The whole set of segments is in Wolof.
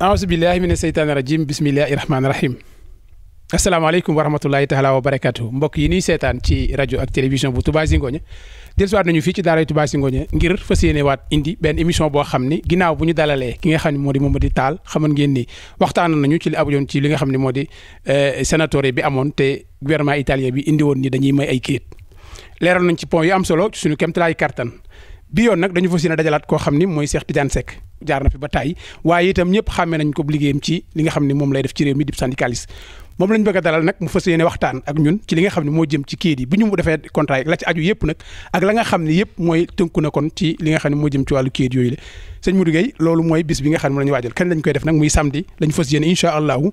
aousu billahi mina seytaani rajim bismillahi rahmaani rahim asalaamaaleykum wa rahmatullahi taala wa barakatu mbokk yi ñuy seetaan ci rajo ak télévision bu Touba Zingoña dellusiwaat nañu fii ci daara Touba Zingoña ngir fas yéene waat indi benn émission boo xam ni ginnaaw bu ñu dalalee ki nga xam ne moo di Momadou Tall xaman ngeen ni waxtaan nañu ci li ab ci li nga xam ne moo di eh, sénateur bi amoon te gouvernement italien bi indi woon nii dañuy may ay kayit leeral nañ ci point yu am solo ci suñu kéemtalaay kartan bi yoon nag dañu fas koo xam ni mooy Cheikh Tidiane Seck jaar na fi ba tàyyi waaye itam ñëpp xàmmee nañ ko nga xam ne moom lay def ci réew mi dib syndicaliste moom lañ a yéene waxtaan ak ñun ci li nga xam ne moo jëm ci kayit yi bu ñu mu defee contrat la ci aju yëpp nag ak la nga xam ni yëpp mooy tënku na kon ci li nga xam ne moo jëm ci wàllu kayit yooyu la sëñ Modou Gueye loolu mooy bis bi nga xam ne moom la ñu waajal kañ lañ koy def nag muy samedi lañ fas yéene incha allahu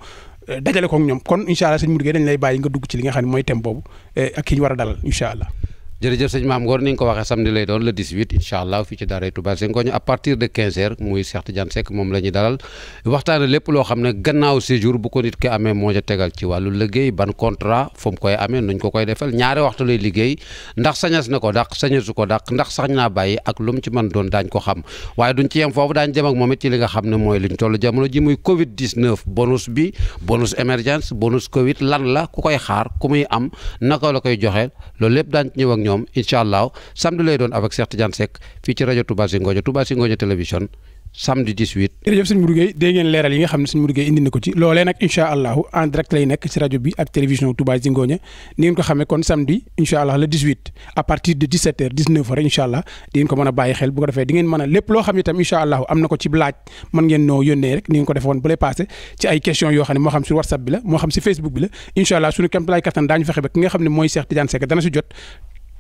eh, dajale ko ak ñoom kon incha allah sëñ Modou Gueye dañ lay bàyyi nga dugg ci li nga xam ne mooy thème boobu eh, ak ki war a dalal incha allah jërëjëf sëñ Maam Ngor ni nga ko waxee samedi lay doon le 18 incha allah fii ci daaray Touba Zingogne à partir de 15 muy Cheikh Tidiane Seck moom la dalal waxtaane lépp loo xam ne gannaaw séjour bu ko nit ki amee moo ca tegal ko koy defal ñaari waxtu lay liggéey ndax sañas na ko dàq sañasu ko dàq ndax sañ naa bàyyi ak lu mu ci mën doon daañ ko xam waaye duñ ci yem foofu daañ dem ak moom it ci li nga xam ne mooy liñ toll jamono la ku koy xaar ku muy am la koy joxe loolu ñoom incha allah samedi lay doon avec Cheikh Tidiane fii ci rajo Touba Zingonia Touba Zingonia samedi 18. jërëjëf ngeen leeral yi nga xam na ko ci loolee nag incha allahu ni ngeen ko xamee à partir de 17h 19h incha allah a bàyyi xel bu ko defee di ngeen tam incha allahu am na rek ni ngeen ko defoon ay question yoo xam ne moo xam si whatsapp bi ki nga xam ne mooy Cheikh Tidiane dana si jot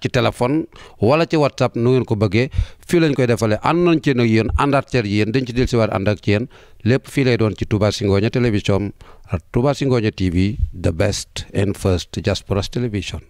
ci téléphone wala ci whatsapp nu ngeen ko bëggee fii lañ koy defalee ànd nañ ci nag yéen àndaat ceer yéen dañ ci del si waat ànd ak ci lépp fii lay doon ci Touba Zingonia télévision Touba Zingonia TV the best and first diaspora television